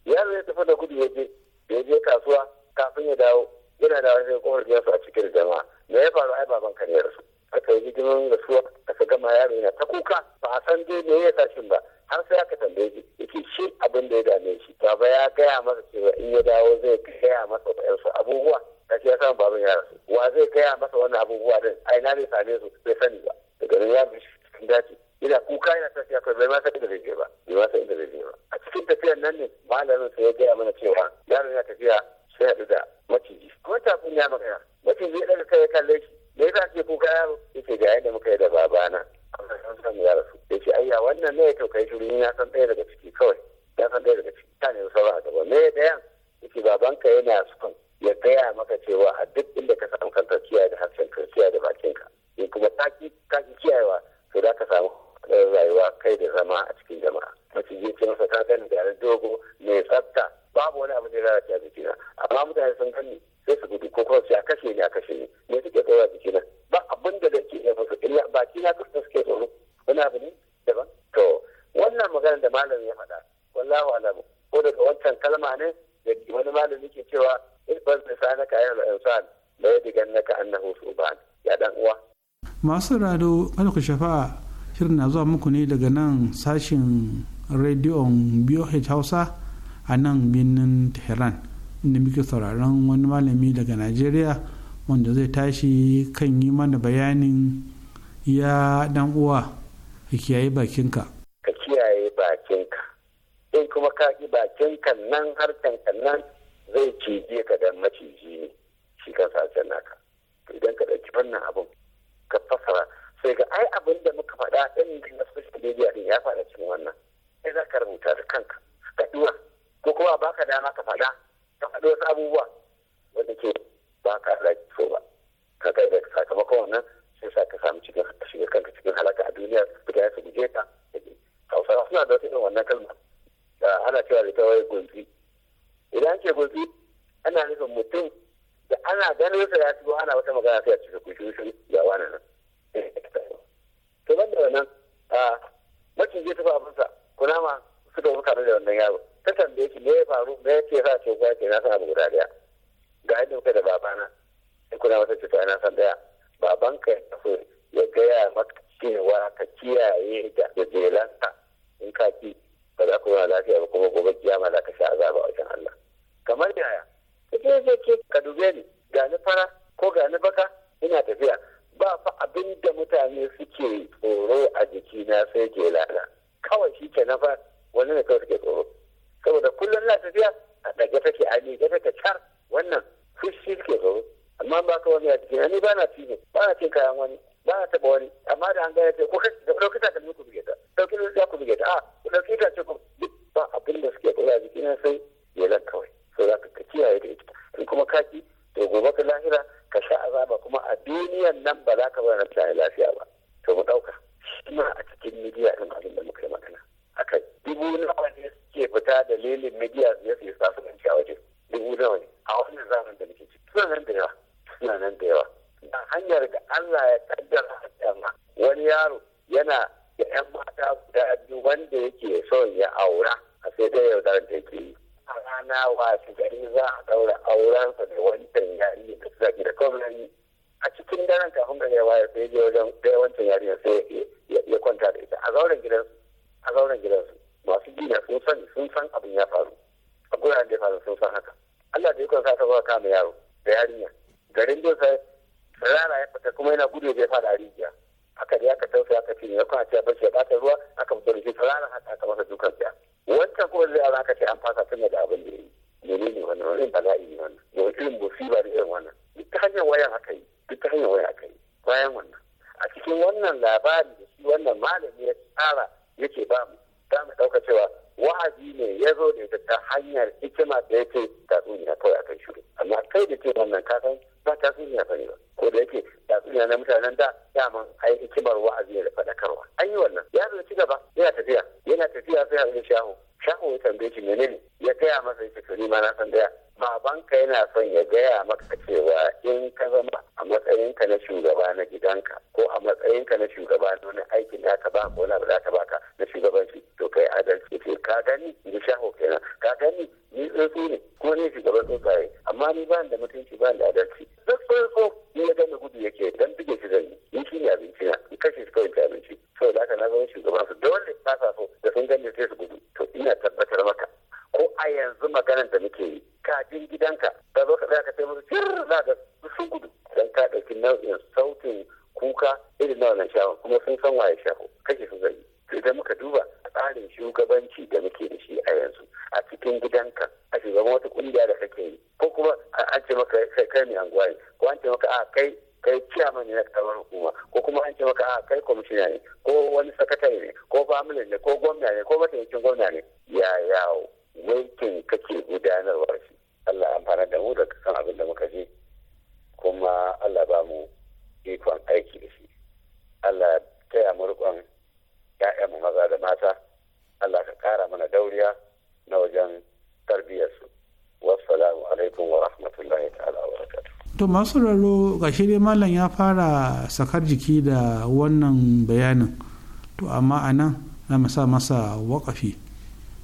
yaro ya tafi da gudu ya je ya je kasuwa kafin ya dawo yana dawo sai kofar gidansu a cikin jama'a me ya faru ai baban a ya rasu aka yi suwa rasuwa aka gama yaro yana ta kuka ba a san dai me ya shi ba har sai aka tambaye shi yake shi abin da ya dame shi baba ya gaya masa cewa in ya dawo zai gaya masa waɗansu abubuwa kashi ya samu baban ya wa zai gaya masa wannan abubuwa din ai na zai same su bai sani ba daga nan ya shi cikin ina kuka yana tafiya kai bai ma san inda zai je ba bai ma san inda zai je ba a cikin tafiyar nan ne malamin sai ya gaya mana cewa yaron ya tafiya sai haɗu da maciji kuma tafin ya magana maciji ya ɗaga kai ya kalle shi me yasa ke kuka yaro yace ga yadda muka yi da babana amma san san ya rasu yace ayya wannan ne ya kai shiru ya san ɗaya daga ciki kawai ya san ɗaya daga ciki ta ne sauran a gaba me ɗayan yace babanka yana son ya gaya maka cewa a duk inda ka samu kanka kiyaye da harshen ka kiyaye da bakin ka in kuma ka ki kiyayewa to da ka samu rayuwa kai da zama a cikin jama'a je ce masa ka gani da dogo mai tsafta babu wani abu da ya lalace a jikina amma mutane sun gani sai su gudu ko kuma su a kashe ni a kashe ni me suke tsoro a jikina ba abin da ke ya fasa illa ki na kusa suke tsoro wani abu ne daban to wannan maganar da malami ya faɗa wallahu alamu ko daga wancan kalma ne da wani malami ke cewa in ban na ya al'insan la yadigan ka annahu suban ya dan uwa masu rado wani ku shafa shirin na zuwa muku ne daga nan sashin rediyon boh hausa a nan birnin tehran inda muke sauraron wani malami daga najeriya wanda zai tashi kan yi mana bayanin ya dan uwa ka kiyaye bakinka ka kiyaye bakinka in kuma ka ki bakinka nan harkanka nan zai cije ka dan maciji ne shi kan naka idan ka ɗauki wannan abin suka fassara sai ga ai abin da muka faɗa ɗin na social media ɗin ya faɗa cikin wannan sai za ka rubuta da kanka ka ɗuwa ko kuma ba ka dama ka faɗa ka faɗi wasu abubuwa wanda ke ba ka da so ba ka kai da sakamakon wannan sai sa ka samu cikin shiga kanka cikin halaka a duniya da ya su guje ka hausawa suna da wata irin wannan kalma da ana cewa da ta wai gunzi idan ke gunzi ana nufin mutum da ana ganin sa ya shigo ana wata magana sai a cika shi shi ga wani nan to ban da wannan a macin je tafi abinsa kunama suka wuka da wannan yaro ta tambaye shi me ya faru me ya ce sa ce ko ce na sa guda daya ga yadda muka da babana sai kuna wata ce ana san daya ka ya so ya gaya maka cewa ka kiyaye da jelanka in ka ki ba za ku lafiya ba kuma gobe kiyama za ka sha azaba a wajen Allah kamar yaya ita zai ce ka dube ni ga ni fara ko ga ni baka ina tafiya ba fa abin da mutane suke tsoro a jiki na sai ke lana kawai shi ke na fa wani ne kawai suke tsoro saboda kullum na tafiya a ɗage take a miƙe take car wannan fushi suke tsoro amma ba ka wani a jiki na ni ba na cizo ba na cin kayan wani ba na taɓa wani amma da an gaya ce ko da ɗauki ta kalmi ku buge ta ɗauki ta ku buge ta a ah, ku ɗauki ta ce ku ba abin da suke tsoro a jiki na sai jelan kawai sau za ka kiyaye da ita in kuma kaki to gobe ka lahira ka sha azaba kuma a duniyan nan ba za ka bar mutane lafiya ba to mu ɗauka suna a cikin midiya ɗin abin da muka yi magana kai. dubu nawa ne suke fita dalilin midiya su yi a waje dubu nawa ne a wannan zamanin da muke ciki suna nan da yawa suna nan da yawa da hanyar da Allah ya kaddara dama wani yaro yana da 'yan mata guda biyu wanda yake son ya aura a sai dai yaudarar da yake yi a rana wasu gari za a ɗaura aurensa da wancan yari da suka da gwamnati a cikin daren kafin gari ya waye sai je wajen ɗaya wancan yari sai ya kwanta da ita a zauren gidan a zauren gidansu masu gina sun sani sun san abin ya faru a guraren da ya faru sun san haka Allah da ya sa ta zuwa kama yaro da yarinya garin sai rana ya fita kuma yana gudu ya fada rijiya aka da ya ka tausaya aka ce ne ya kwanci ya bashi ya bata ruwa aka fito da shi rana haka aka masa dukan siya wancan kuma zai ala ka ce an fasa tun da abin da yi mene ne wannan wani bala'i ne wannan da wani irin musiba da irin wannan duk ta hanyar wayan aka yi duk ta hanyar wayan aka yi bayan wannan a cikin wannan labari da shi wannan malami ya tsara yake ba mu za mu ɗauka cewa wa'azi ne ya zo da ta hanyar hikima da yake tatsuniya kawai akan shiru amma kai da ke wannan kasan ba tatsuniya ba ne ba ko da yake tatsuniya na mutanen da dama ai hikimar wa'azi da faɗakarwa an yi wannan ya zo ci gaba yana tafiya yana tafiya sai a shaho shaho ya tambaye shi menene ya gaya masa ya ce ma na san daya babanka yana son ya gaya maka cewa in ka zama a matsayinka na shugaba na gidanka ko a matsayinka na shugaba na wani aikin da aka ba wani abu da aka baka na shugabanci to kai adalci ce ka gani ni shaho kenan ka gani ni tsotsi ne ko ne shugaban tsotsaye amma ni ba da mutunci ba da adalci duk tsotso ni ya gani gudu yake dan buge shi zan yi ni shi ne abinci na in kashe shi kawai abinci to da haka na zama shugaban su dole ba sa so da sun gani sai su gudu to ina tabbatar maka ko a yanzu maganar da muke yi din gidanka ne ko wani sakatare ne ko family ne ko gwamnati masu raro ga dai malam ya fara sakar jiki da wannan bayanin to amma a nan na masa sa masa wakafi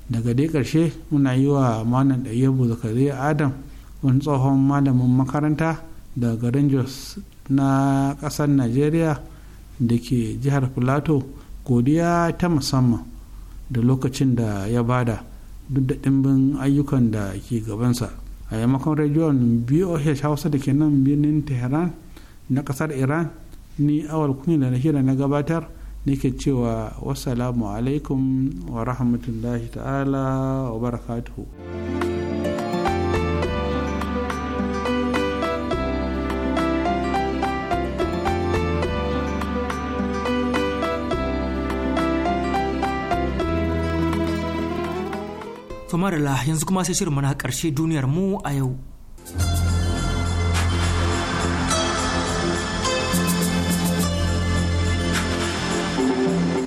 daga dai ƙarshe muna yi wa malam ɗayyabu zakariya adam wani tsohon malamin makaranta da garin jos na ƙasar nigeria da ke jihar plateau godiya ta musamman da lokacin da ya bada duk da ɗimbin ayyukan da ke gabansa a yamakon a boh hausa da ke nan birnin tehran na kasar iran ni awal kunya da na shirya na gabatar ne ke cewa wasu alaikum wa rahmatullahi ta'ala wa barakatuhu. marila yanzu kuma sai shirin mana karshe duniyar mu a yau.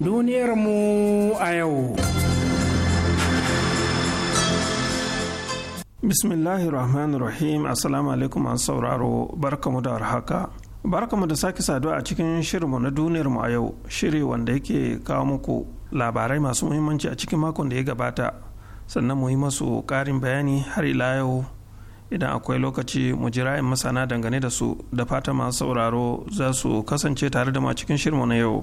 Duniyar mu a yau. Bismillahir Rahmanir Rahim Assalamu alaikum an sauraro barkamu da warhaka. Barkamu da sake saduwa a cikin shirinmu na duniyar mu a yau, shiri wanda yake kawo muku labarai masu muhimmanci a cikin makon da ya gabata. sannan mu yi masu ƙarin bayani har ila yau idan akwai lokaci mu jira in masana dangane da su da fata masu sauraro za su kasance tare da mu cikin shirmu na yau.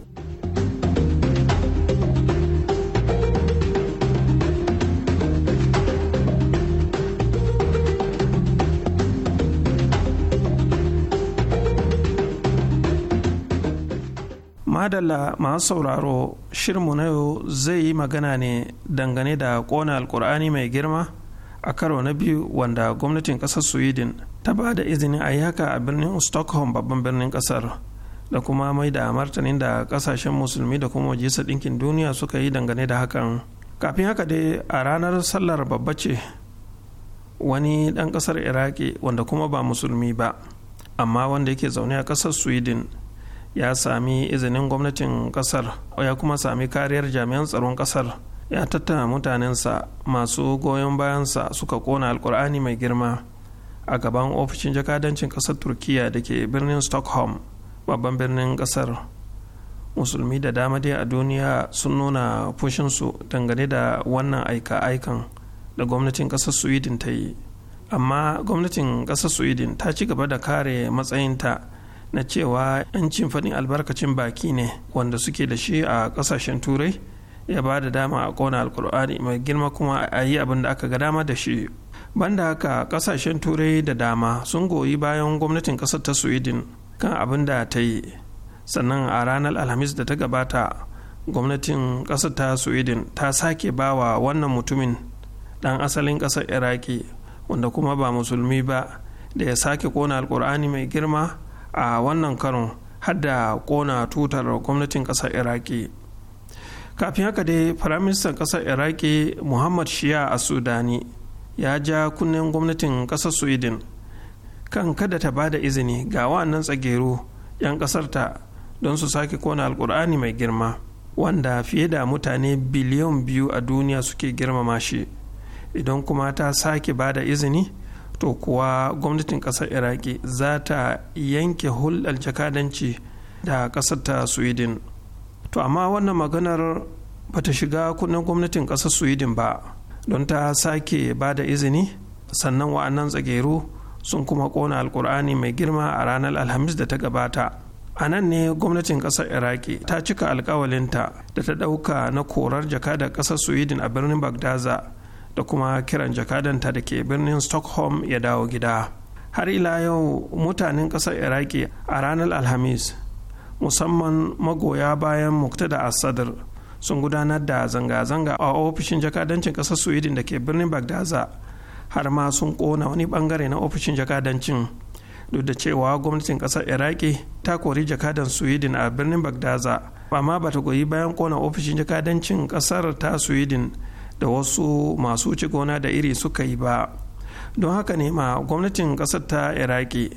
madalla masu sauraro shirmu na yau zai yi magana ne dangane da kona alkur'ani mai girma a karo na biyu wanda gwamnatin kasar sweden ta ba da izinin a yi haka a birnin stockholm babban birnin kasar da kuma mai da martanin da kasashen musulmi da kuma majalisar ɗinkin duniya suka yi dangane da hakan kafin haka dai a ranar sallar babba ce wani ɗan ƙasar iraki wanda kuma ba musulmi ba amma wanda yake zaune a ƙasar sweden ya sami izinin gwamnatin kasar ya kuma sami kariyar jami'an tsaron kasar ya tattara mutanensa masu goyon bayansa suka kona alkur'ani mai girma a gaban ofishin jakadancin kasar turkiya da ke birnin stockholm babban birnin kasar musulmi da dama dai a duniya sun nuna fushinsu dangane da wannan aika-aikan da gwamnatin ƙasar sweden ta yi amma gwamnatin ƙasar sweden ta ci gaba da kare matsayinta na cewa 'yancin faɗin albarkacin baki ne wanda suke da shi a ƙasashen turai ya ba da dama a ƙona alkur'ani mai girma kuma a yi abin da aka ga dama da shi banda haka ƙasashen turai da dama sun goyi bayan gwamnatin ƙasar ta sweden kan abin da ta yi sannan a ranar alhamis da ta gabata gwamnatin ƙasar ta sweden ta sake bawa wannan mutumin ɗan asalin ƙasar iraki wanda kuma ba musulmi ba da ya sake kona alkur'ani mai girma a wannan karon hadda kona tutar gwamnatin kasar iraki kafin haka dai firaministan kasar iraki muhammad shia a sudani ya ja kunnen gwamnatin kasar sweden kan kada ta ba da izini ga wa'annan tsageru 'yan kasarta don su sake kona alkur'ani mai girma wanda fiye da mutane biliyan biyu a duniya suke girmama shi idan kuma ta sake ba da izini to kuwa gwamnatin ƙasar iraki za ta yanke hulɗar jakadanci da ƙasar ta sweden to amma wannan maganar ba ta shiga kudin gwamnatin ƙasar sweden ba don ta sake ba da izini sannan wa'annan tsageru sun kuma ƙona alkur'ani mai girma a ranar alhamis da ta gabata a nan ne gwamnatin ƙasar iraki ta cika alkawalinta da ta ɗauka na korar jaka da ƙasar sweden a birnin bagdaza da kuma kiran jakadanta da ke birnin stockholm ya dawo gida har ila yau mutanen ƙasar iraki a ranar alhamis musamman magoya bayan muktada asadar sun gudanar da zanga-zanga a ofishin jakadancin ƙasar sweden da ke birnin bagdaza har ma sun kona wani bangare na ofishin jakadancin duk da cewa gwamnatin kasar iraki ta kori jakadan sweden a birnin bagdaza amma ba ta goyi bayan kona ofishin jakadancin kasar ta sweden da wasu masu ci gona da iri suka yi ba don haka ne ma gwamnatin ƙasar ta iraki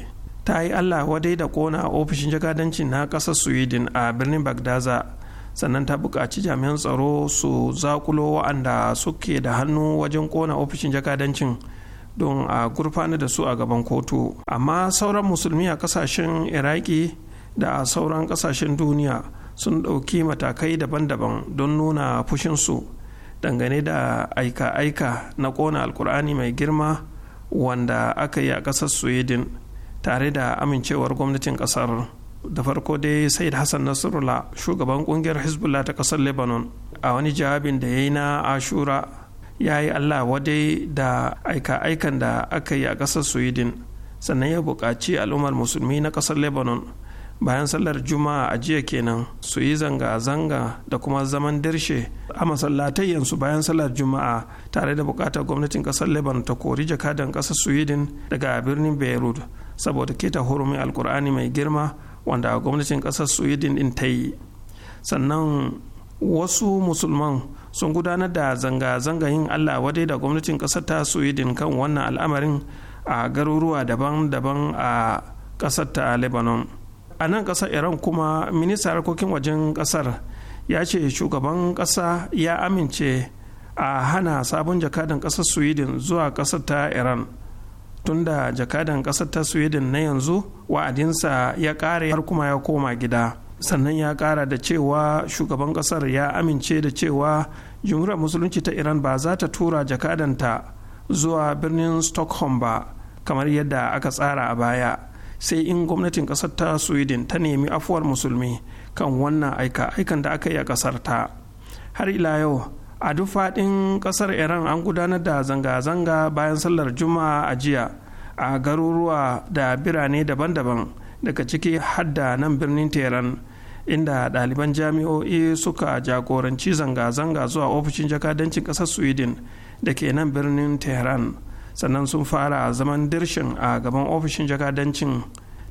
ta yi allah wadai da kona a ofishin jagadancin na ƙasar sweden a birnin bagdaza sannan ta buƙaci jami'an tsaro su zakulo waɗanda suke da hannu wajen kona ofishin jakadancin don a gurfana da su a gaban kotu amma sauran musulmi a kasashen iraki da sauran kasashen duniya sun ɗauki matakai daban-daban don nuna fushinsu dangane da aika-aika na kona alkur'ani mai girma wanda aka yi a ƙasar sweden tare da amincewar gwamnatin ƙasar da farko dai said hassan nasrullah shugaban kungiyar hezbollah ta ƙasar lebanon a wani jawabin da ya yi na ashura ya yi allah wadai da aika-aikan da aka yi a ƙasar sweden sannan ya buƙaci al'ummar musulmi na ƙasar lebanon bayan sallar juma'a a jiya kenan su yi zanga-zanga da kuma zaman dirshe a masallatai yanzu bayan sallar juma'a tare da bukatar gwamnatin kasar lebanon ta kori jakadan kasar sweden daga birnin beirut saboda keta hurumin alkur'ani mai girma wanda gwamnatin kasar sweden din ta yi sannan wasu musulman sun gudanar da zanga-zanga yin allah wadai da gwamnatin kasar ta sweden kan wannan al'amarin a garuruwa daban-daban a kasar ta lebanon a nan ƙasar iran kuma ministan harkokin wajen ƙasar ya ce shugaban ƙasa ya amince a hana sabon jakadan ƙasar sweden zuwa ƙasar ta iran tunda jakadan ƙasar ta sweden na yanzu wa'adinsa ya ƙare har kuma ya koma gida sannan ya ƙara da cewa shugaban ƙasar ya amince da cewa jumhuriyar musulunci ta iran ba za ta tura jakadanta zuwa birnin stockholm ba kamar yadda aka tsara a baya sai in gwamnatin kasar ta sweden ta nemi afuwar musulmi kan wannan aika aikan da aka yi a kasar ta har ila yau a duk faɗin ƙasar iran an gudanar da zanga-zanga bayan sallar juma'a a jiya a garuruwa da birane daban-daban daga ciki hadda nan birnin teheran inda ɗaliban jami'o'i suka jagoranci zanga-zanga zuwa ofishin jakadancin ƙasar sweden da ke nan birnin teheran. sannan sun fara zaman dirshin a gaban ofishin jakadancin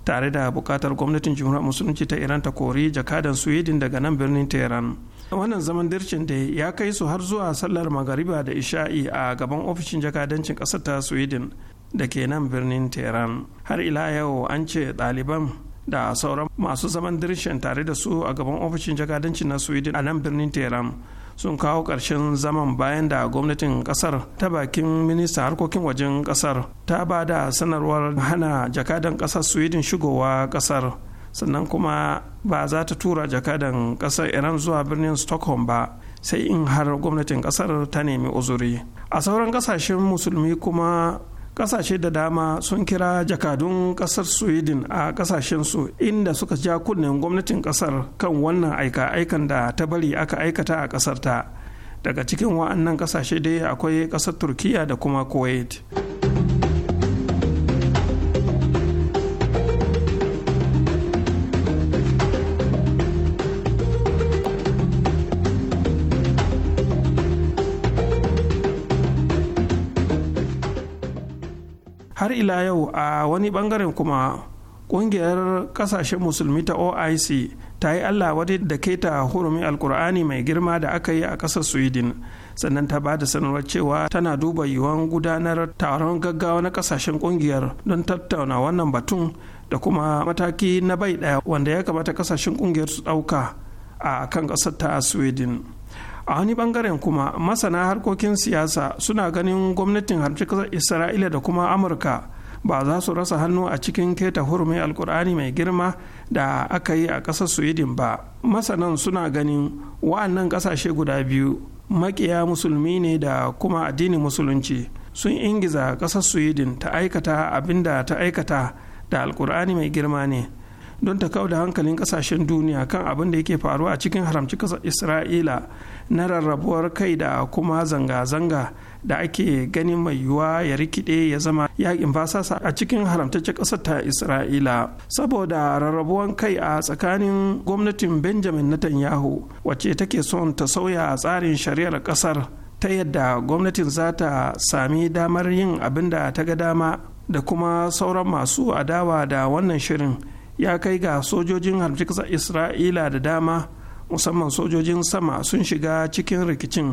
tare da bukatar gwamnatin jimhuriyar musulunci ta iran ta kori jakadan sweden daga nan birnin tehran wannan zaman dircin da ya kai su har zuwa sallar magariba da isha'i a gaban ofishin jakadancin kasar ta sweden da ke nan birnin tehran har ila yau an ce ɗaliban da sauran masu zaman dirshin tare da su a gaban ofishin jakadancin na sweden a nan birnin tehran sun kawo ƙarshen zaman bayan da gwamnatin ƙasar ta bakin minista harkokin wajen ƙasar ta ba da sanarwar hana jakadan ƙasar sweden shigowa ƙasar sannan kuma ba za ta tura jakadan ƙasar iran zuwa birnin stockholm ba sai in har gwamnatin ƙasar ta nemi uzuri a sauran ƙasashen musulmi kuma kasashe da dama sun kira jakadun kasar sweden a kasashensu inda suka ja kunnen gwamnatin kasar kan wannan aika-aikan da ta bari aka aikata a kasar daga cikin wa'annan kasashe dai akwai kasar turkiya da kuma kuwait har ila yau a wani bangaren kuma kungiyar kasashen musulmi ta oic ta yi allah wadai da keta hurumi alkur'ani mai girma da aka yi a ƙasar sweden sannan ta bada sanarwar cewa tana duba yiwuwar gudanar taron gaggawa na kasashen kungiyar don tattauna wannan batun da kuma mataki na bai daya wanda ya kamata kasashen kungiyar su ɗauka a kan ƙasar ta sweden a wani bangaren kuma masana harkokin siyasa suna ganin gwamnatin haramci kasar isra'ila da kuma amurka ba za su rasa hannu a cikin keta hurumin alkur'ani mai girma da aka yi a ƙasar sweden ba masanan suna ganin wa'annan ƙasashe guda biyu makiya musulmi ne da kuma addinin musulunci sun ingiza ƙasar sweden ta aikata abin da ta aikata da alkur'ani mai girma ne don ta kawo da hankalin ƙasashen duniya kan abin da yake faruwa a cikin haramci ƙasar isra'ila na rarrabuwar kai da kuma zanga-zanga da ake ganin mai yiwuwa ya rikide ya zama yakin basasa a cikin haramtaccen ƙasar ta isra'ila saboda rarrabuwan kai a tsakanin gwamnatin benjamin netanyahu wacce take son ta sauya tsarin shari'ar ƙasar ta yadda gwamnatin za ta sami damar yin abin da ta ga dama da kuma sauran masu adawa da wannan shirin ya kai ga sojojin haramtaccen ƙasar isra'ila da dama musamman sojojin sama sun shiga cikin rikicin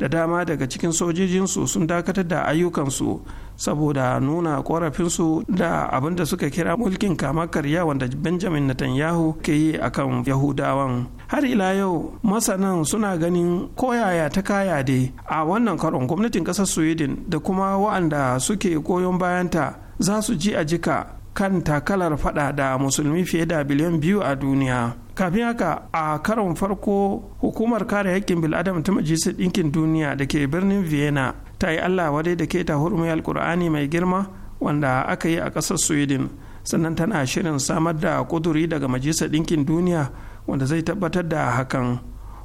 da dama daga cikin sojojinsu sun dakatar da ayyukansu saboda nuna korafinsu da abin da suka kira mulkin kama karya wanda benjamin netanyahu ke yi a kan yahudawan har ila yau masanan suna ganin koyaya ta kaya dai a wannan karon gwamnatin kasar sweden da kuma wa'anda suke koyon bayanta za su ji a jika kan takalar fada da musulmi fiye da biliyan biyu a duniya kafin haka a karon farko hukumar kare haƙƙin bil'adam ta majalisar ɗinkin duniya da ke birnin vienna ta yi allah wade da ke ta hurumi alkur'ani mai girma wanda aka yi a ƙasar sweden sannan tana shirin samar da ƙuduri daga majalisar ɗinkin duniya wanda zai tabbatar da hakan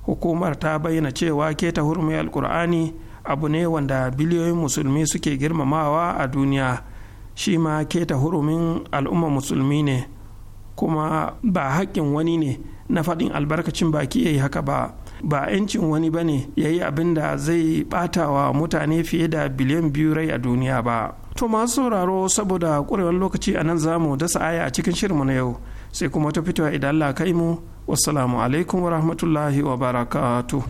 hukumar ta bayyana cewa keta hurumi alkur'ani abu ne wanda biliyoyin musulmi suke girmamawa a duniya shi ma keta hurumin al'umma musulmi ne kuma ba haƙƙin wani ne na faɗin albarkacin baki ya yi haka ba ba 'yancin wani ba ne ya yi abin da zai ɓata wa mutane fiye da biliyan biyu rai a duniya ba to masu sauraro saboda ƙwarewar lokaci a nan za mu dasa aya a cikin shirinmu na yau sai kuma ta fitowa idan la kai mu wassalamu alaikum wa rahmatullahi wa barakatuh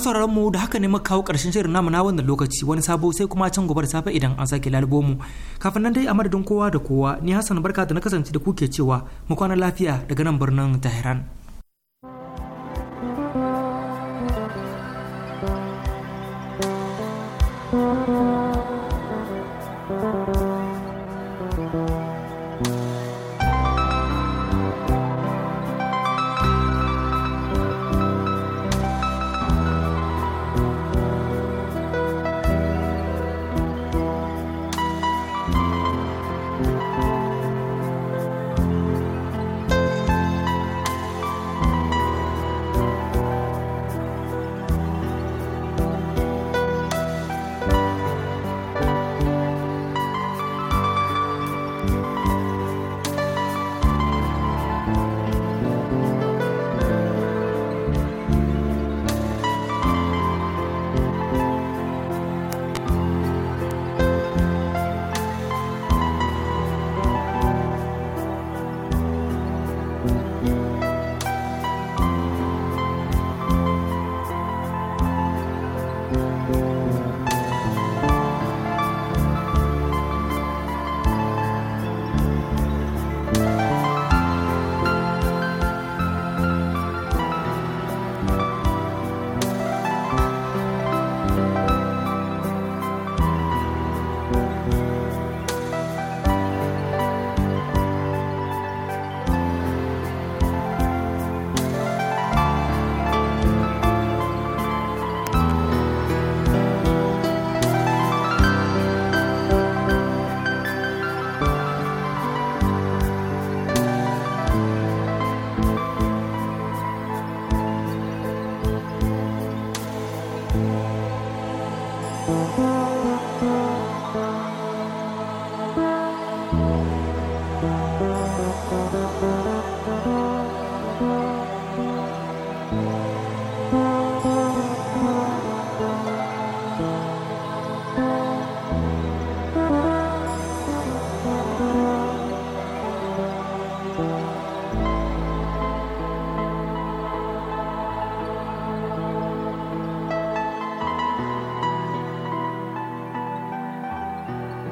sauraron mu da haka ne muka kawo ƙarshen shirin namu na wannan lokaci wani sabo sai kuma can gobe da safe idan an sake lalubo mu kafin nan dai a madadin kowa da kowa ni Hassan barka da na kasance da kuke cewa mu kwana lafiya daga nan birnin Tehran